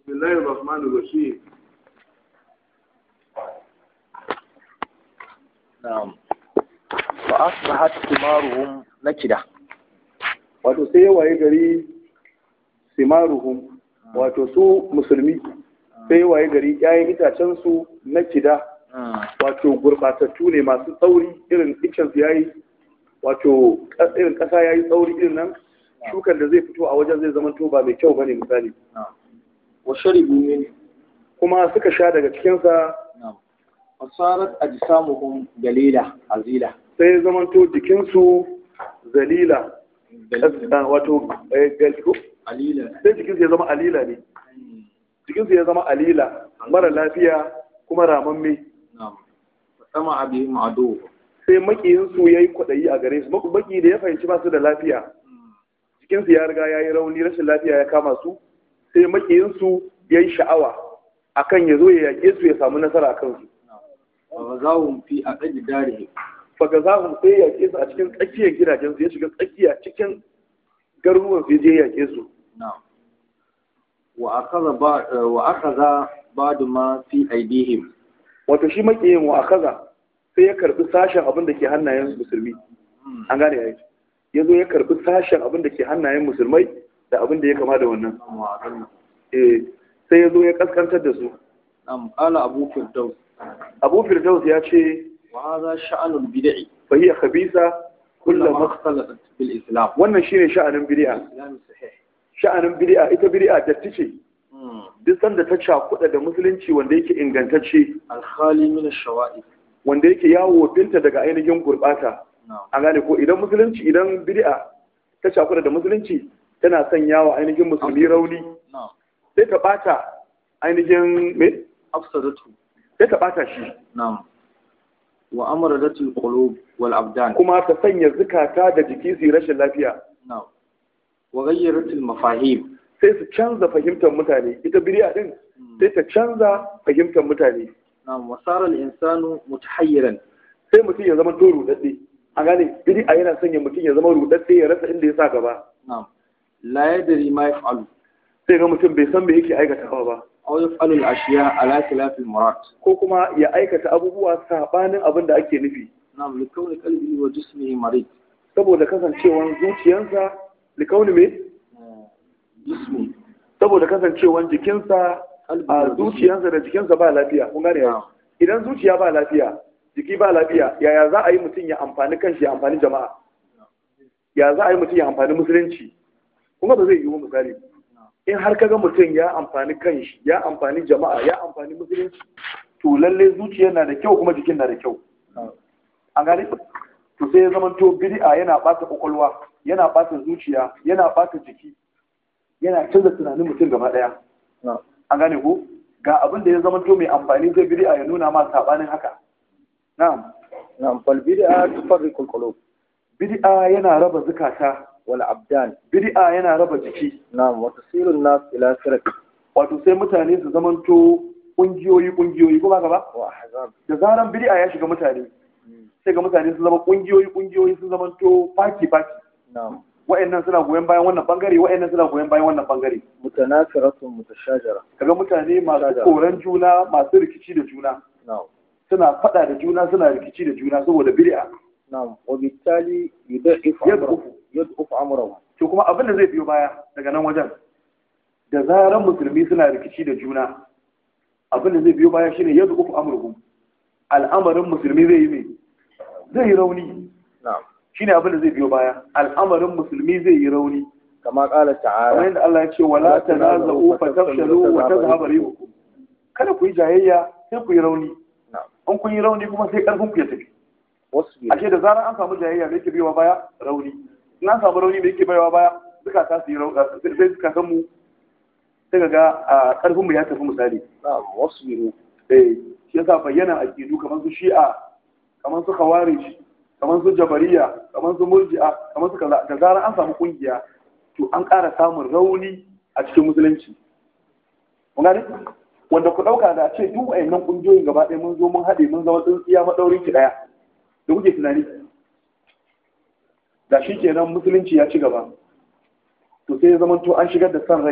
بسم الله الرحمن الرحيم نعم فأصبحت ثمارهم نكدة wato sai ya waye gari simaruhum hmm. wato su musulmi hmm. sai ya waye gari 'ya'yan itacensu na kida hmm. wato gurbatattu ne masu tsauri irin ikensu ya yi wato irin ƙasa ya yi tsauri irin nan shukan da zai fito a wajen zai zama to ba mai kyau ba ne misali wa sharibu minhu kuma suka sha daga cikinsa fasarat ajsamuhum dalila azila sai zamanto jikinsu zalila ah, wato eh, galgo sai jikinsu ya zama alila ne hmm. jikinsu ya zama alila mara lafiya kuma ramamme sama abi ma'adu sai makiyinsu ya yi kwaɗayi a gare su maki da ya fahimci masu da lafiya hmm. jikinsu ya riga ya yi rauni rashin lafiya ya kama su sai makiyinsu ya yi sha'awa akan ya zo ya yaƙe su ya samu nasara a kansu mu fi a ɗaji dare fagazahum sai ya yaƙe su a cikin tsakiyar gidajensu ya shiga tsakiya cikin garuruwan su ya yaƙe su wa akaza ba da ma fi aidihim wato shi makiyin wa akaza sai ya karɓi sashen abin da ke hannayen musulmi hmm. an gane ya yi ya zo ya karɓi sashen abin da ke hannayen musulmai da abin da ya kama da wannan eh, sai ya zo ya kaskantar da su am ala abu firdaus abu firdaus ya ce wa za sha'anul bid'i fa hiya khabisa kullu makhtalat bil islam wannan shine sha'anin bid'a sha'anin bid'a ita bid'a da tice hmm. duk sanda ta cakuda da musulunci wanda yake ingantacce alkhali min shawa'i wanda yake yawo binta daga ainihin gurbata a gane ko idan musulunci idan bid'a ta cakuda da musulunci tana sanya wa ainihin musulmi rauni sai ta bata ainihin me absolutu sai ta bata shi na'am wa tun qulub wal abdan kuma ta sanya zukata da jiki su rashin lafiya na'am wa ghayyaratul mafahim sai su canza fahimtar mutane ita biriya din hmm. sai ta canza fahimtar mutane na'am wa sara al insanu mutahayyiran sai mutum ya zama to rudadde a gane a yana sanya mutum ya zama rudadde ya rasa inda ya sa gaba na'am la ma ma yaf'alu sai ga mutum bai san me yake aikatawa ba aw yaf'alu al-ashiya ala khilaf al-murad ko kuma ya aikata abubuwa sabanin abin da ake nufi na'am likawni qalbi wa jismihi marid saboda kasancewan zuciyarsa likawni me eh, jismi saboda kasancewan jikinsa a zuciyarsa da jikinsa ba lafiya kun gane idan zuciya ba lafiya jiki ba lafiya yaya za a yi mutum ya amfani kanshi ya amfani jama'a ya za a yi mutum ya amfani musulunci kuma ba zai yiwu misali in har kaga mutum ya amfani shi ya amfani jama'a ya amfani musulunci to lalle zuciya na da kyau kuma jikin na da kyau an gane to sai ya zama to bid'a yana ɓata kwakwalwa yana ɓata zuciya yana ɓata jiki yana canza tunanin mutum gaba ɗaya an gane ko ga abin da ya zama to mai amfani zai bid'a ya nuna ma sabanin haka na'am na'am fal bid'a tufarriqul qulub bid'a yana raba zukata wal abdan bid'a yana raba jiki na'am wa tasilun nas ila firq wato sai mutane su zamanto kungiyoyi kungiyoyi ko ba ba da zaran bid'a ya shiga mutane hmm. sai ga mutane sun zama kungiyoyi kungiyoyi sun zamanto faki faki na'am wa'annan suna goyon bayan wannan bangare wa'annan suna goyen bayan wannan bangare mutanafiratun mutashajara kaga mutane masu koran juna masu rikici da juna na'am suna fada da juna suna rikici da juna saboda bid'a na'am abin da zai biyo baya daga nan wajen da zaran musulmi suna rikici da juna abin da zai biyo baya al'amarin musulmi zai yi mai zai yi rauni abin da zai biyo baya al'amarin musulmi zai yi rauni kama kala ya ce wala tanaza'u ku yi jayayya sai ku yi rauni in kun yi rauni kuma sai ku ya tafi ake da zarar an samu jayayya mai ke baiwa baya rauni in an samu rauni mai ke baiwa baya duka ta su yi sai suka san mu sai ga a karfin mu ya tafi misali wasbiru eh shi yasa bayyana aqidu kamar su shi'a kamar su khawarij kamar su jabariya kamar su murji'a kamar su kaza da zarar an samu kungiya to an ƙara samun rauni a cikin musulunci mun wanda ku ɗauka da ce duk wayannan ƙungiyoyin gaba ɗaya mun zo mun haɗe mun zama tsintsiya maɗaurin ki ɗaya da kuke tunani da shi kenan musulunci ya ci gaba to sai ya zamanto an shigar da san rai